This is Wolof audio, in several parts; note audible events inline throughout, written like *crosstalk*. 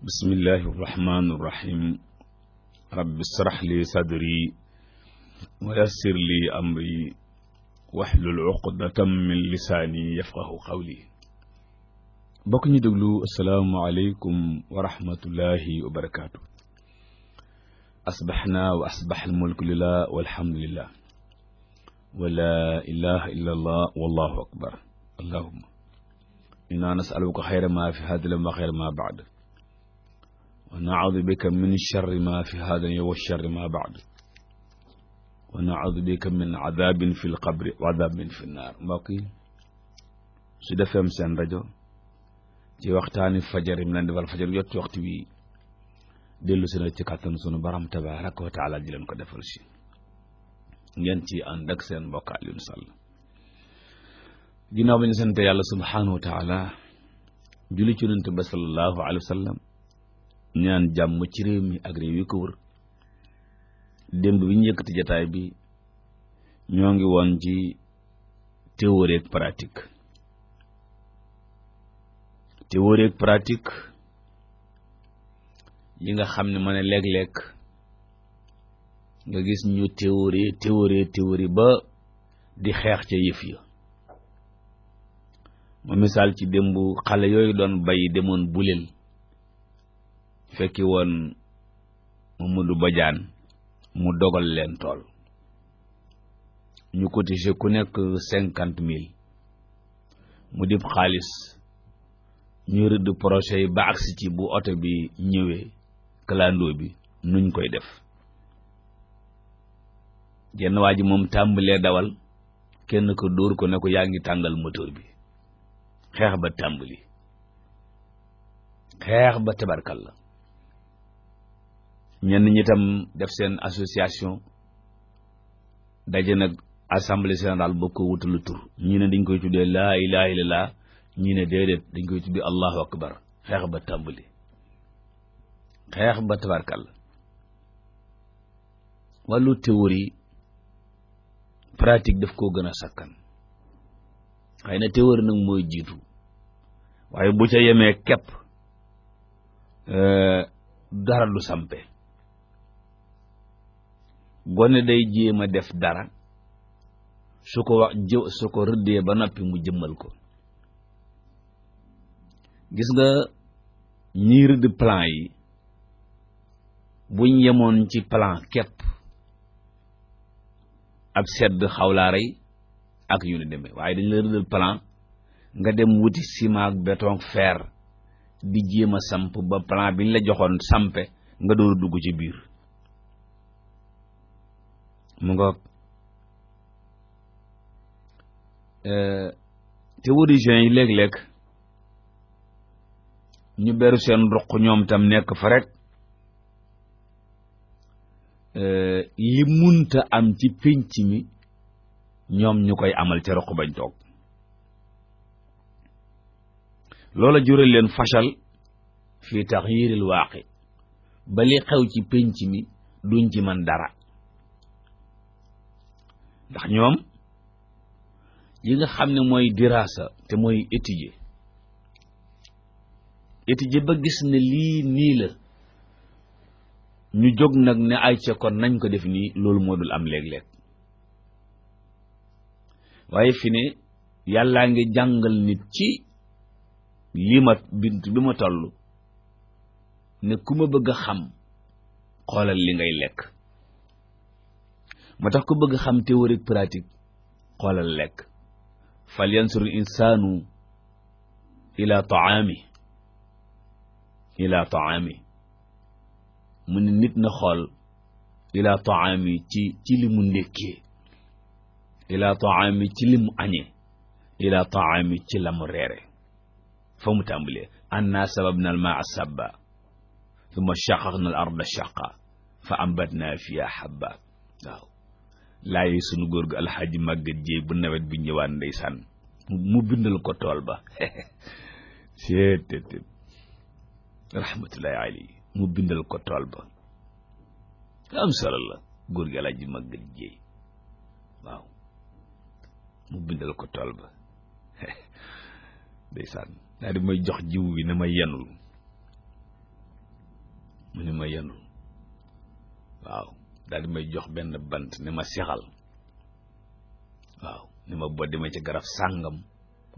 بسم الله الرحمن الرحيم رب اشرح لي صدري ويسر لي أمري واحلل عقدة من لساني يفقه قولي بك دغلو السلام عليكم ورحمة الله وبركاته أصبحنا وأصبح الملك لله والحمد لله ولا إله إلا الله والله أكبر اللهم إنا نسألك خير ما في هذا الأمر وخير ما بعده ونعوذ بك من الشر ما في هذا اليوم والشر ما بعده ونعوذ بك من عذاب في القبر وعذاب في النار mbokk yi su defeem seen rajo ci waxtaani fajar yi mu leen defal fajar jot waxtu wi dellu si na ci kàttan sunu baram tabaraka wa taala di leen ko defal si ngeen ci ànd ak seen mbokk Alioune Sall ginnaaw ba ñu sant yàlla subhanahu wa taala julli ci yonent ba sallallahu alayhi wa sallam ñaan jàmm ci réew mi ak ko wër démb bi ñu yëkkati jataay bi ñoo ngi woon ci théorie ak pratique théorie pratique yi nga xam ne ma ne lekk léeg nga gis ñu théorie théorie théorie ba di xeex ca yëf ya ma misaal ci démb xale yooyu doon bay demoon buleel fekki woon Mamadou Badiane mu dogal leen tool ñu cotiser ku nekk cinquante mille mu dib xaalis ñu rëdd projet yi ba agsi ci bu oto bi ñëwee clando bi nuñ koy def jenn waa ji moom tàmbalee dawal kenn ko dóor ko ne ko yaa ngi tàngal moteur bi xeex ba tàmbali xeex ba tabarkal la ñen ñi tam def seen association daje nak assemblée générale boo ko wutalu tur ñi ne dañ koy tuddé la ilaha illallah ñi ne déedéet dañ koy tuddé allahu akbar xex ba tambali xex ba tabarkal walu théorie pratique daf ko gëna sakkan théorie nak moy jitu waye bu ca kep euh dara lu sampe gone day jema def dara suko wax jë suko ko ba nopi mu jëmmal ko gis nga ñiy rëdd plan yi buñ yemon ci plan kep ab sedd ray ak yu ni demee waaye dañ la rëddal plan nga dem wuti ciment ak béton fer di jema samp ba plan biñ la joxoon sampé nga do dugg ci biir mu nga ngoog euh, théoriciens yi léeg-léeg ñu beru seen ruq ñoom tam nekk fa rek euh, li munta am ci pénc mi ñoom ñu koy amal ca ruq bañ toog loola jural leen fashal fi taxyiril waaqi ba li xew ci pénc mi duñ ci mën dara ndax ñoom li nga xam ne mooy diraasa te mooy étudier étudier ba gis ne lii nii la ñu jóg nag ne ay ca kon nañ ko def nii loolu moo dul am léeg lekk waaye fi ne yàllaa ngi jàngal nit ci lii ma bint bi ma toll ne ku ma bëgg a xam xoolal li ngay lekk motax ko bëgg xam théorique pratique xoolal lekk fal yansuru insanu ila taami ila taami mu ne nit na xool ila taami ci ci li mu ndékkee ila taami ci li mu añee ila taami ci la mu reere fa mu tàmbalee anna sababna almaa sabba thumma shaqaqna al arda shaqa fa ambatna fiha habba waaw laay sunu góor gu alxaaji màggat jéey bu nawet bi ñëwaan ndeysaan mu bindal ko tool ba seetet mu bindal ko tool ba *laughs* am solo la góor gi alxaaji màggat jéey waaw mu bindal ko tool ba *laughs* ndeysaan daal di may jox jiw bi ne ma yenul mu ne ma yenul waaw dal di may jox ne bant ni ma sexal waaw ni ma bo demee ci garaf sangam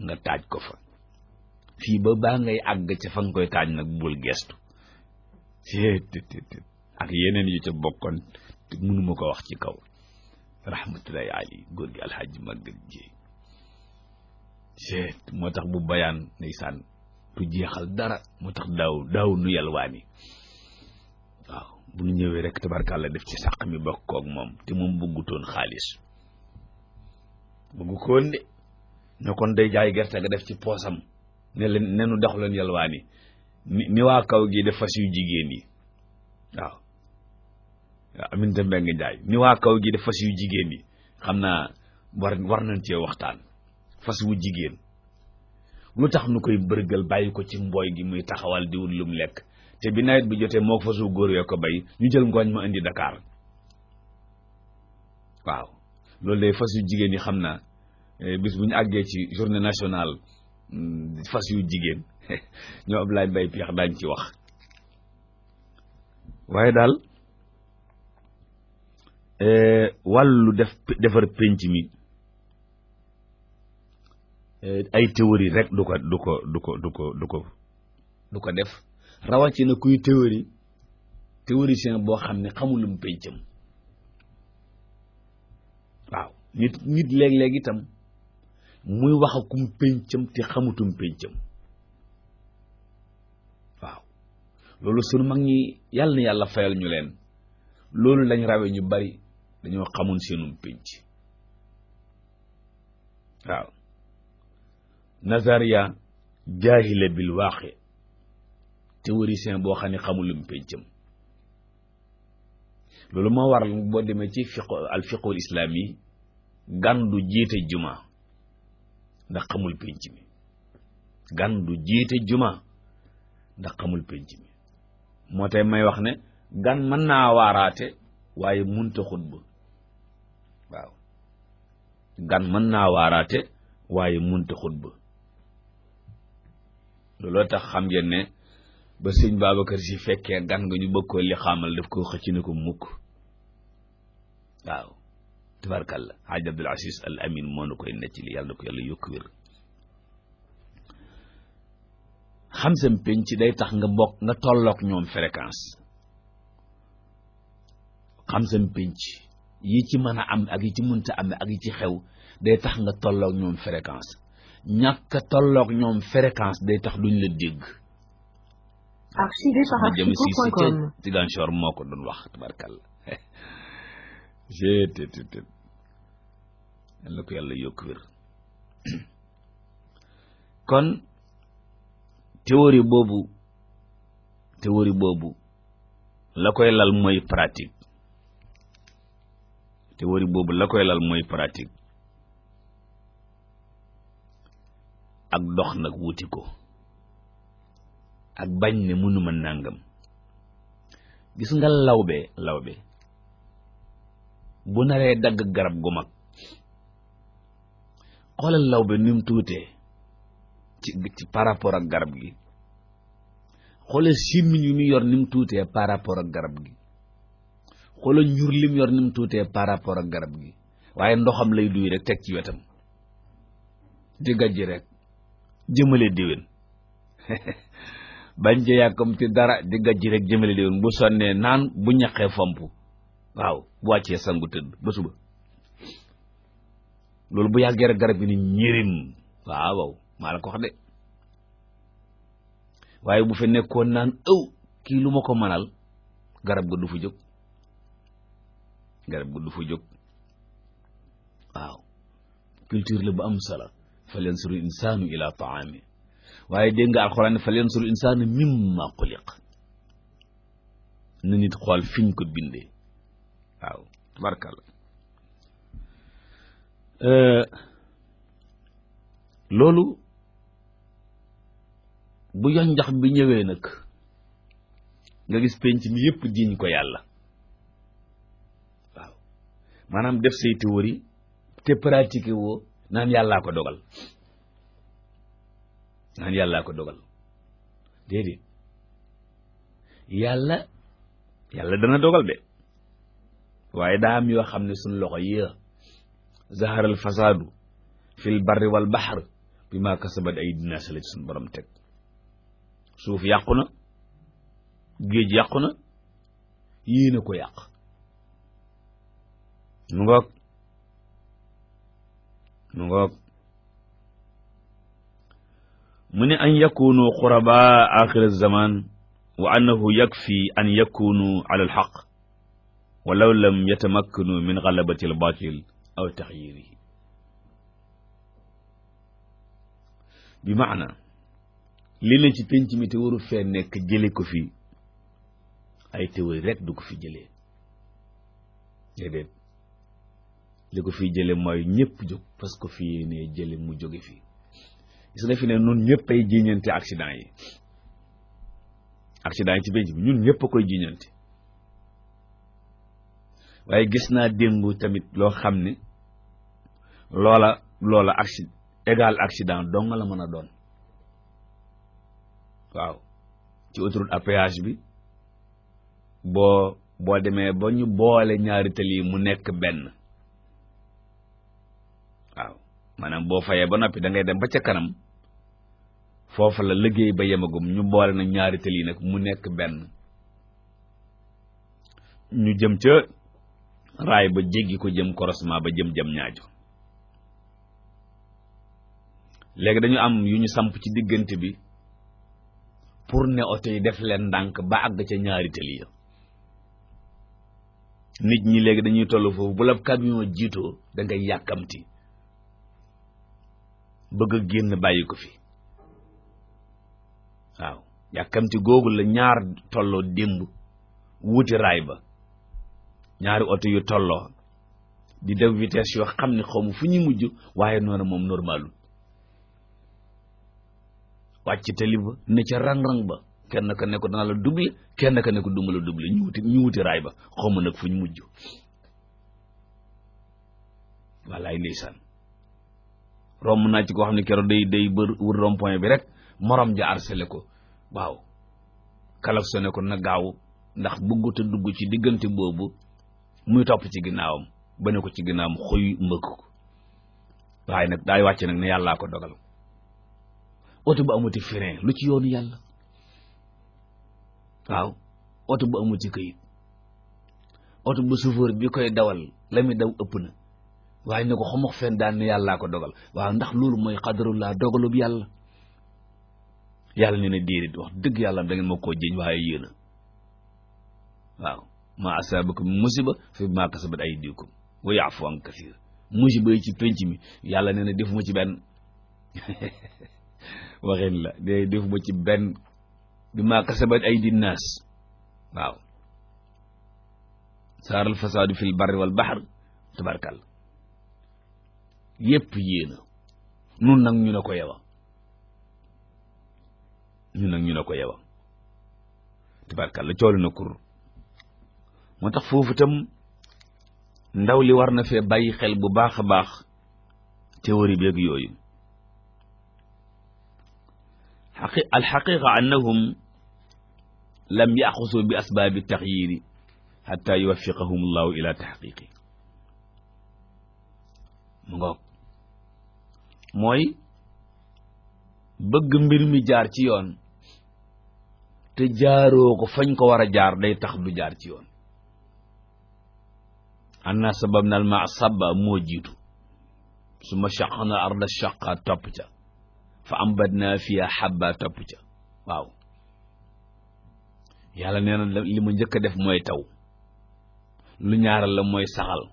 nga taaj ko fa fi ba ba ngay ag ci fa nga koy taaj nak bul gestu ak yenen yu ci bokkon te ko wax ci kaw rahmatullahi ali gor gi alhaji magal jéey seet motax bu bayan ndeysaan du jeexal dara motax daw daw nu wani bu ñu ñëwé rek tabarkàlla def ci sax mi bokk koog moom te moom bëggutoon xaaliss bëggu koon de ne kon day jaay gerte ga def ci posam ne leen nenu dox leen yalwaani mi wa kaw gi def fasiyu yu jigéen yi waaw amin mbeng jaay mi wa kaw gi def fasiyu yi xamna war war nañ ci waxtaan fasiyu jigéen lu nu koy bërgal bàyyi ko ci mbooy gi muy taxawal di lum lekk te bi nawet bi jotee moo ko fasu góor yoo ko bay ñu jël ngooñ ma indi Dakar waaw loolu day fas yu jigéen yi xam naa eh, bis bu ñu àggee ci journée nationale hmm, fas yu jigéen *laughs* ñoo ab laay bay peex daañ ci wax waaye daal eh, wàllu def defar pénc mi eh, ay théorie rek du ko du ko du ko du ko du ko du ko def rawatina kuy théorie théoricien boo xam ne xamul lu mu péncam waaw nit nit léeg-léeg itam muy wax akum péncam te xamutum péncam waaw loolu sunu mag ñi yàlla na yàlla fayal ñu leen loolu lañ rawe ñu bari dañoo xamoon seenum pénc waaw nazariya jaahila bil waaqi théoricien boo xam ne xamul lu mu pencam loolu moo waral boo demee ci fiq al fiqul islaam yi gan du jiite juma ndax xamul penc gan du jiite juma ndax xamul penc mi moo tey may wax ne gan mën naa waaraate waaye munta xutba waaw gan mën naa waaraate waaye munta xutba looloo tax xam ngeen ba seigne babakar ci fekke gan nga ñu bëgg ko li xamal daf ko xëc ne ko mukk waaw tabarkàlla xaaj Abdul Aziz Al Amin mo nu koy necc li yàlla na ko yàlla yok wér xam sam penc ci day tax nga bok nga tollok ñoom fréquence xam sam penc yi ci mëna am ak yi ci mënta am ak yi ci xew day tax nga tollok ñoom fréquence ñàkk tollok ñoom fréquence day tax duñ la dégg archivé par archive.com Ziguinchor moo ko doon wax tubarkalla gttt dan la ko yàlla yokk wér *clears throat* kon théorie boobu théorie la koy lal mooy pratique théorie boobu la koy lal mooy pratique ak dox nag wuti ko ak bañ ne mënuma nàngam gis nga lawbe lawbe bu naree dagg garab gu mag xoolal lawbe ni tuutee ci ci par rapport ak garab gi xoolal simmiñ yu mu yor ni tuutee par rapport ak garab gi xoolal njur yor ni tuutee par rapport ak garab gi waaye ndoxam lay duy rek teg ci wetam di gàjji rek jëmale déwén *laughs* bañ ya yàkkamti dara di gajji rek di won bu sonnee ya nan bu ñaxé fompu waaw bu wàccee sangu teud ba suba loolu bu yagge rek garab gi ni ñirim waaw waaw maa la ko wax de waye bu fi nekkoon nan ëw ki lu ko manal garab ga du fu jóg garab ga du fu jóg waaw culture la bu am sala fal yansuru ila taami waaye dégg nga alxuraan fa yanzuril insaanu mimmaa xuliq na nit xool fiñ ko bindee waaw tabarkàlla loolu bu yonjax bi ñëwee nag nga gis penc mi yëpp jiiñ ko yàlla waaw maanaam def say théorie te pratiquer woo naan yàllaa ko dogal naan yàllaa ko dogal déedéet yàlla yàlla dana dogal de waaye daa am yoo xam ne suñ loxo yi zaharal fasaadu fil barri wal baxar bi maa kasabat ay dinaas la ci suñ borom teg suuf yàqu na géej yàqu na yéen ko yàq mu ngoog من أن يكونوا قرباء آخر الزمان وأنه يكفي أن يكونوا على الحق ولو لم يتمكنوا من غلبة الباطل أو تغييره بمعنى لينج تنج متور في نك جلي كفي أي توي رك دوك في جلي جدد لكو في جلي ما ينيب جوك فاسكو في ني جلي مو جوك فيه gis nga fi ne nun ñëpp ay jiiñante accident yi accident yi ci benn bi ñun ñëpp a koy jiiñante waaye gis naa démb tamit loo xam ne loola loola acci égal accident dong la mën a doon waaw ci autoroute à bi boo boo demee ba ñu boole ñaari tali mu nekk benn waaw maanaam boo fayee ba noppi da ngay dem ba ca kanam foofa la liggéey ba yemagum ñu boole na ñaari tëli nag mu nekk benn ñu jëm ca raay ba jéggi ko jëm croisement ba jëm jëm ñaajo léegi dañu am yu ñu samp ci diggante bi pour ne oto def leen ndànk ba àgg ca ñaari tëli ya nit ñi léegi dañuy tollu foofu bu la camion jiitoo da yàkkamti bëgg génn bàyyi ko fi waaw yàkkamti googu la ñaar tolloo démb wuti raay ba ñaari oto yu tolloo di def vitesse yoo xam ne xaw ma fu ñuy mujj waaye noonu moom normalul wàcc tali ba ne ca rang-rang ba kenn ka ne ko dana la double kenn ka nekku ko duma la double ñu wuti raay ba xaw ma fu ñu mujj wallaay ndeysaan romb naa ci koo xam ne keroog day day bër wër rond bi rek morom ja harcelé ko waaw kalafsone ko na gaaw ndax bëggut dugg ci diggante boobu muy topp ci ginnaawam ba ne ko ci ginnaawam xuy mbëkk ko waaye nag daay wàcce nag ne yàllaa ko dogal oto bu amuti lu ci yoonu yàlla waaw oto bu amuti këyit oto bu chauffeur bi koy dawal la muy daw ëpp na ko xamox fenn daan ne yàllaa ko dogal waaw ndax loolu mooy xadarulaa dogalub yàlla yàlla nee na déedéet wax dëgg yàlla da ngeen ma koo jiñ waaye yéen a waaw ma asaabakum musiba fi maa kasabat aydikum wa yaafu an kasiir musiba yi ci penc mi yàlla nee na defuma ci benn *laughs* waxin la de defuma ci benn bi maa kasabat aydi naas waaw saaral fasaadu fil barri wal baxar tabarkàlla yépp yéena nun nag ñu ne ko yewa ñun nag ñu ne ko yow tabarkàlla coolu na kur moo tax foofu itam ndaw li war na fee bàyyi xel bu baax a baax théorie beeg yooyu xaqi alxaqiqa annahum lam yaxusu bi asbaabi taxyiri xata yuwaffiqahum allahu ila taxqiqi mooy bëgg mbir mi jaar ci yoon te jaaroo ko fañ ko wara jaar day tax du jaar ci yoon anna sabab al sabba jitu suma shaqna arda shaqqa top ca fa ambadna fiha habba top ca waaw yalla neena limu li def moy taw lu ñaaral la moy saxal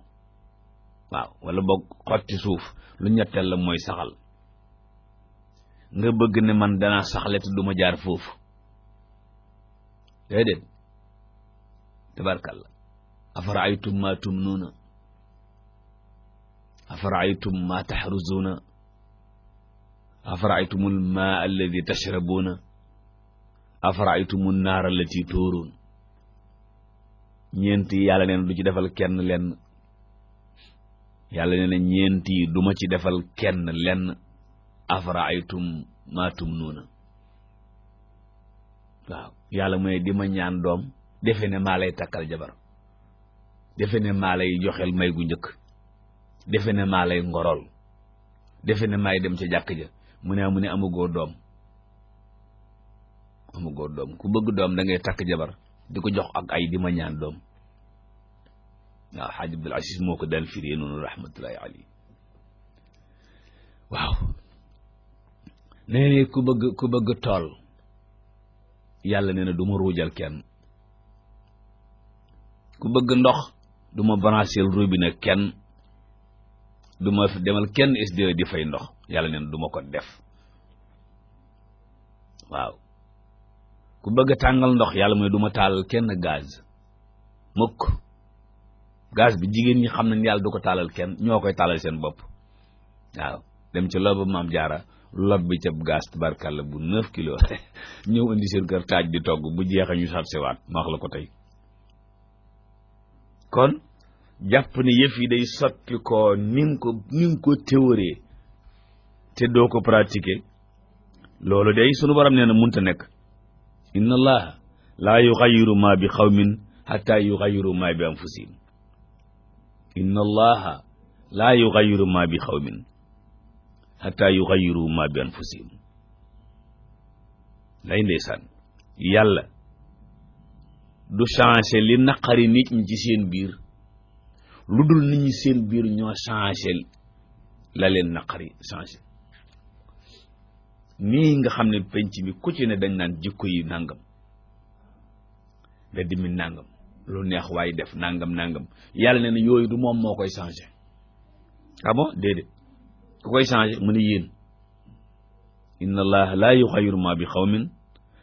waaw wala bok xoti suuf lu ñettal la moy saxal nga bëgg ne man dana saxlet duma jaar fofu ادم تبارك الله افرايتم ما تمنون افرايتم ما تحرزون افرايتم الماء الذي تشربون افرايتم النار التي تورون نينتي يالا نين دوجي ديفال كين لين يالا نين نينتي دوما سي ديفال كين لين ما تمنون واو yalla moy dima di ñaan dom defe ne lay takal jabar defene ne maa lay joxel may gu njëkk defene ne lay ngorol defe ne dem ci jakk ja mu ne mu go dom amu go dom ku bëgg dom da ngay tak jabar di jox ak ay di ñaan dom na xaaj abdul asis moko dal fi firee rahmatullahi ali waaw nee ku bëgg ku bëgg yàlla nee na du ma ruujal kenn ku bëgg ndox duma ma robina kenn du ma demal kenn SDE di fay ndox yàlla nee duma ko def waaw ku bëgg tàngal ndox yàlla mooy du ma taalal kenn gaz mukk gaz bi jigéen ñi xam nañ yàlla du ko taalal kenn ñoo koy taalal seen bopp waaw dem ci looba maam jaara lobbi ca gaas la bu neuf kilo *laughs* ñëw indi seen kër taaj di togg bu jeex ñu sat siwaat ma wax la ko tey kon jàpp ne yëf yi day soppi ko ni nga ko ni ko théorie te doo ko pratiquer loolu day sunu borom nee na munta nekk inna allaha laa yuxayiru ma bi xawmin xatta yu ma bi anfusihim inna allaha laa yuxayiru ma bi xawmin xataa yuxayiru ma bi anfusihim lay ndeysaan yàlla du changé li naqari ni ci seen biir lu dul nit ñi seen biir ñoo changé la leen naqari changé nii nga xam ne penc mi ku ne dañ naan jikko yi nangam da dimmi nangam lu neex waaye def nangam nangam yàlla ne na yooyu du moom moo koy changé ah bon déedéet ku koy changé mu ne yéen inna allaha laa yuxayiru ma bi xawmin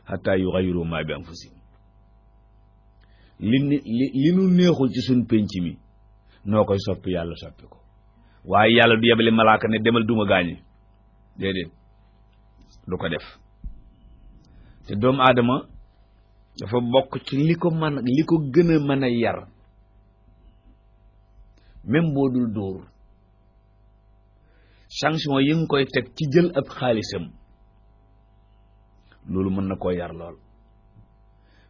xatta yuxayiru ma bi anfusihim li li li nu neexul ci suñ pénc mi noo koy soppi yàlla soppi ko waaye yàlla du yebale malaaka ne demal duma gaañi déedéet du ko def te doomu aadama dafa bokk ci li ko mën li ko gën a mën a yar même boo dul dóor sanction yi ngui koy tek ci jël ab xaalisam loolu mën na ko yar lool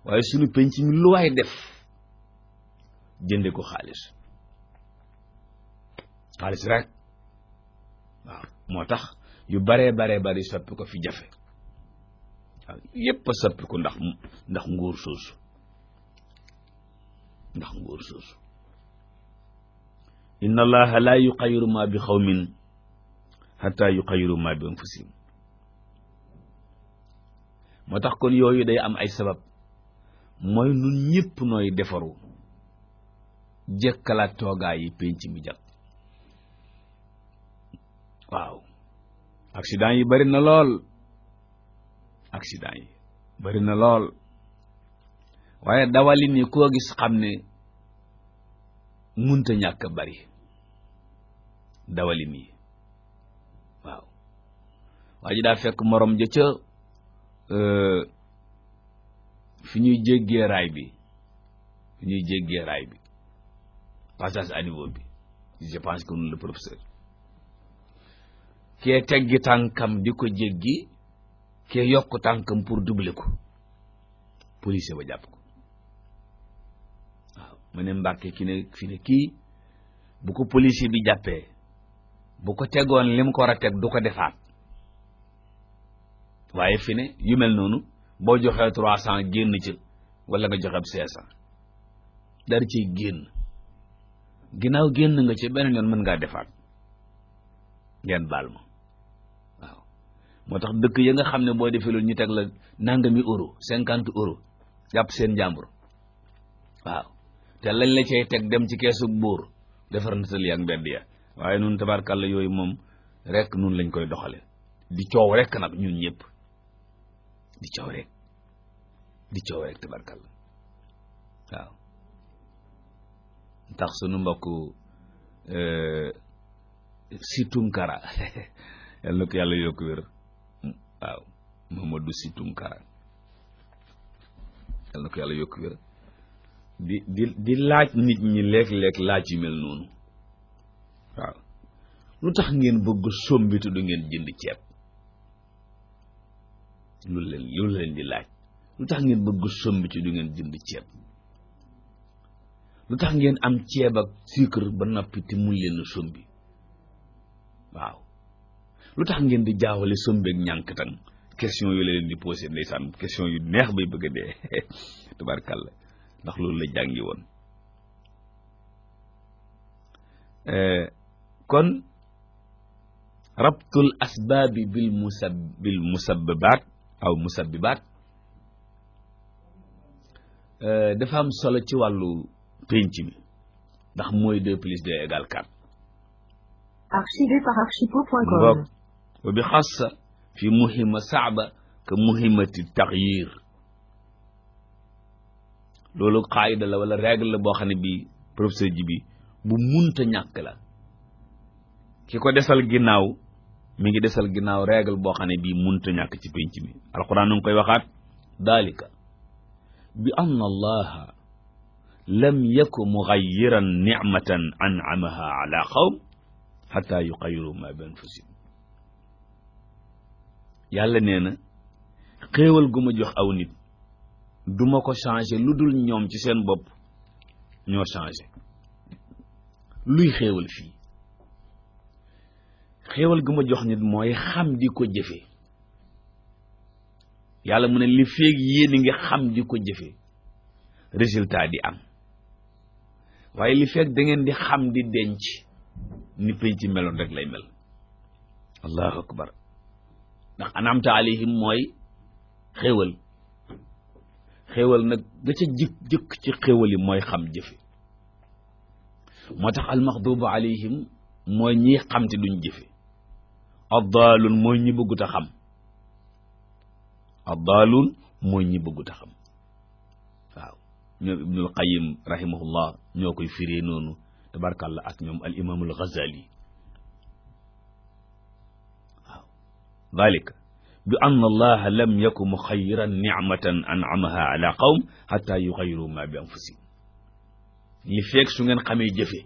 waye suñu penc mi lu way def jënde ko xaaliss xaaliss rek waaw motax yu bare bare bare sopp ko fi jafé yépp sopp ko ndax ndax nguur soosu ndax nguur soosu inna allaha la yuqayyiru ma bi khawmin xataa yu xayiru ma bi anfusihim moo tax kon yooyu day am ay sabab mooy nun ñëpp nooy defaru jëkkalaat toogaay yi penc mi jàpp waaw accident yi bari na lool accident yi bari na lool waaye dawalin yi koo gis xam ne munta ñàkk bari dawalin yi waji da fekk morom ja ca eh, fi ñuy bi fi jéggé ray bi passage à niveau bi je pense que noonu le professeur kee teggi tankam di ko jéggi kee yok tankam pour doubler ko police ba japp ko waaw mu ne ki né fi né ki bu ko police bi jappé bu ko téggone lim ko ra tégg du ko waye fi ne yu mel nonu bo joxe 300 genn ci wala nga joxe 500 dar ci genn ginaaw genn nga ci benen yon man nga defaat ngeen bal ma waaw motax dekk ya nga xamne bo defelul ñu tek la nangami euro 50 euro japp seen jàmbur waaw te lañ la cey tek dem ci keesu bour defar na sel yak mbedd ya waye nun tabarakallah yoy mom rek nun lañ koy doxale di ciow rek nak ñun ñepp dicorek dicorek tebar kalau, nah. tak sunu mbokku euh situng kara, *laughs* ko yalla yok wër kau hmm, memodu situng kara, ko yalla yok di di di laaj nit ni lek lek laaj yu mel nonu lu tak ngin bugus sumbitu dengin jin jënd loolu leen leen di laaj lu tax ngeen bëgg sombi ci du ngeen jënd ceeb lu tax ngeen am ceeb ak sucre ba noppi te mun leen sombi waaw lu tax ngeen di jaawale sombi ak ñànkatan question yu leen di poser ndeysaan question yu neex bay bëgg a dee *laughs* ndax loolu la jàngi woon eh, kon rabtul asbaabi bil musab bil aw musabbibaat euh, dafa am solo ci wàllu pénc mi ndax mooy de plus deux égale quatre archivé par archipo.com mbokk wa bi xassa fi muhima saaba ka muhimati taxyir loolu xaayida la wala règle la boo xam ne bi professeur ji bi bu munta ñàkk la ki ko desal ginnaaw mi ngi desal ginnaaw règle boo xam ne bii munta ñàkk ci pénc mi alquran nu ngi koy waxaat dalika bi anna allaha lam yaku mugayiran nicmatan ancamaha ala qawm xata yuqayiru ma bi anfusihim yàlla nee na xéewal gu ma jox aw nit du ma ko changé lu dul ñoom ci seen bopp ñoo changé luy xéewal fii xéewal gu ma jox nit mooy xam di ko jëfe yàlla mu ne li feeg yéen ngi xam di ko jëfe résultat di am waaye li feeg da di xam di denc ni pay ci meloon rek lay mel allahu akbar ndax anamta alayhim mooy xéewal xéewal nag ga ca jëkk jëkk ci xéewal yi mooy xam jëfe moo tax almaxdubu alayhim mooy ñiy xam te duñ jëfe addaalun mooy ñi bëggut a xam addaalun mooy ñi bëggut a xam waaw ñoom ibnul qayim rahimahullah ñoo koy firee noonu tabarkàlla ak ñoom al imaamul ghazali waaw dalika bi ann allaha lam yaku muxayiran nicmatan ancamaha ala qawm xata yuxayiru ma bi anfusihim li feeg su ngeen xamee jëfee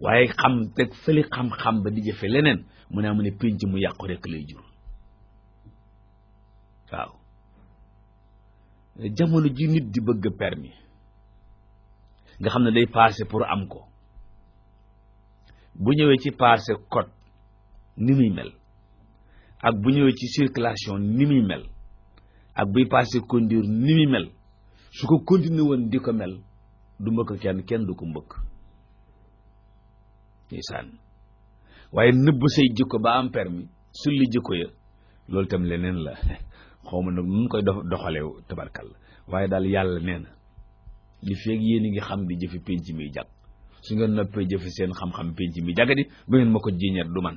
waaye xam tek fële xam-xam ba di jëfe leneen mu ne mu ne pénc mu yàqu rek lay jur waaw jamono ji nit di bëgg permis nga xam ne day passé pour am ko bu ñëwee ci passé code ni muy mel ak bu ñëwee ci circulation ni muy mel ak buy passé conduire ni muy mel su ko continuer woon di ko mel du mbëkk kenn kenn du ko mbëkk Nisan, waaye nëbb say jikko ba am permis sulli jikko ya loolu tam leneen la *laughs* xawma nag nu koy doxale tabarkal waaye daal yàlla nee na li feeg yéen ngi xam di jëfe penc mi jàg su ngeen noppee jëfe seen xam-xam penc mi jagadi bu ngeen ma ko du man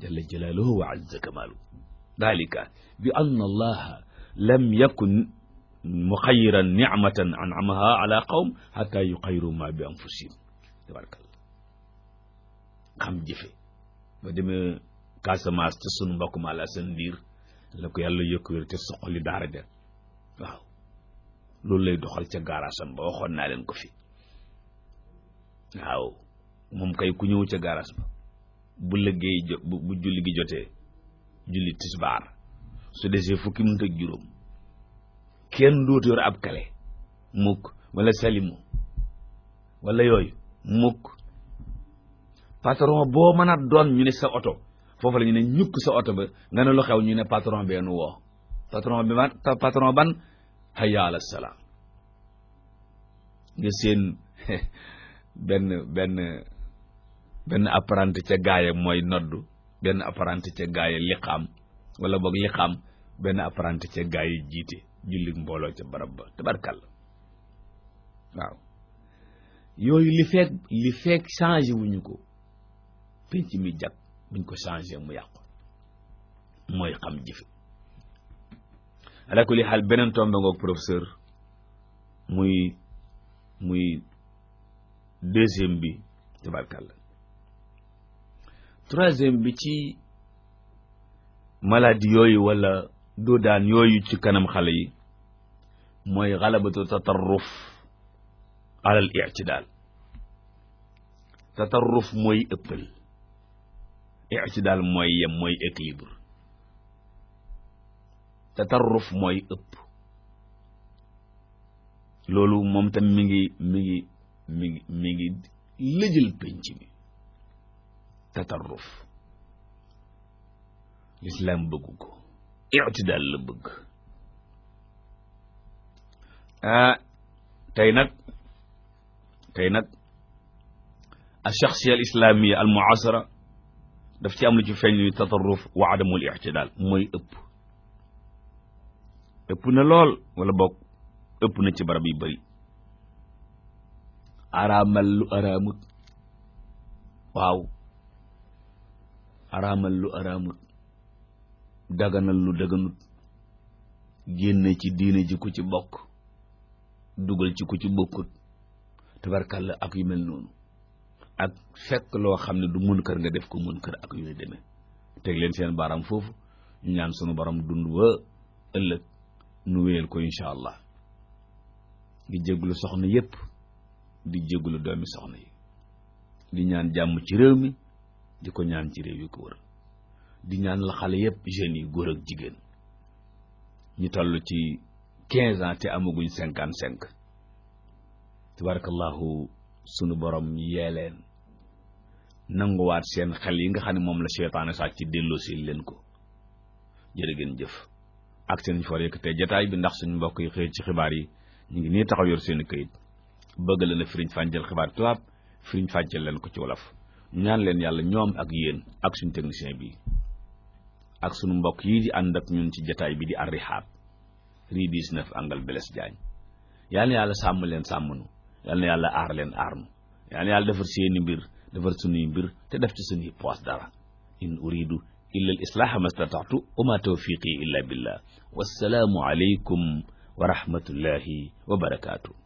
jalla jalaluhu wa azza kamalu dalika bi anna allaha lam yakun mukhayiran nicmatan anamaha ala qawm hatta yuxayiru ma bi anfusihim tabarkal xam jëfe ba demee Casamance te sunu mbokk ma la seen biir la ko yàlla yokk wér te soxali daara ja waaw loolu lay doxal ca gaaraasam ba waxoon naa leen ko fi waaw moom kay ku ñëw ca gaaraas ba bu lëggee jot bu bu julli gi jotee julli tisbaar su desee fukki minit ak juróom kenn dootu yor ab kale mukk wala salimu wala yooyu mukk patron bo mën don ñu ne sa oto fofu la ñu ne ñuk sa oto ba nga ne lu xew ñu ne patron be nu woo patron bi ban patron ban hayya ala salam nga seen *laughs* ben ben benn apprenti ca ak moy noddu ben apprenti ca gaaya liqaam wala boog liqaam ben apprenti ca gaay jiite jullit mbolo ca barab ba tabarkal waaw yoy li fek li fek changer wuñu ko penc mi jag buñ ko changé mu yàqu mooy xam jëfe ala kulli xaal beneen tombe ngoog professeur muy muy deuxième bi tabarkàlla troisième bi ci maladie yooyu wala doo daan yooyu ci kanam xale yi mooy xalabatu tatarruf alal ictidaal tatarruf mooy ëppal ictidaal mooy yem mooy équilibre tatarruf mooy ëpp loolu moom tam mi ngi mi ngi mi ngi mi ngi lëjël tatarruf lislaam bëggu ko ictidaal la bëgg ah tey nag tey nag al shaxsiya al islaamiya daf ci am lu ci feeñ lu tatarruf wa adamul ictidaal mooy ëpp ëpp na lool walla bokk ëpp na ci barab yu bari araamal lu araamut waaw araamal lu araamut daganal lu daganut génne ci diine ji ku ci bokk dugal ci ku ci bokkut tabarkàlla ak yi mel noonu ak fekk loo xam ne du mun kër nga def ko mun kër ak yooyu demee teg leen seen baram foofu ñaan sunu baram dund wa ëllëg nu wéyal ko incha allah di jéglu soxna yépp di jéglu doomi soxna yi di ñaan jàmm ci réew mi di ko ñaan ci réew yi ko wër di ñaan la xale yépp jeunes yi góor ak jigéen ñu toll ci 15 ans te amaguñ 55 cinq tabarakallahu sunu borom yee nangu nanguwaat seen xel yi nga xam ne moom la seytaane sàcc ci delloosi leen ko jërë ngeen jëf ak seen for yëkkatee jataay bi ndax suñu mbokk yi xëy ci xibaar yi ñu ngi nii taxaw yor seen i këyit bëgg leen a firiñ fànjal xibaar tubaab firiñ fànjal leen ko ci wolof ñaan leen yàlla ñoom ak yéen ak suñu technicien bi ak suñu mbokk yi di ànd ak ñun ci jataay bi di arrixaab ri 19 angal beles jaañ yàlla yàlla sàmm leen sàmm nu yal na yàlla aar leen aar nu yal na yàlla defar seeni mbir defar sunuy mbir te def ci sunuy poos dara in uridu illa al islaaha mastataatu wa ma tawfiqi illa billah wassalaamu aleykum wa rahmatullahi wa barakaatu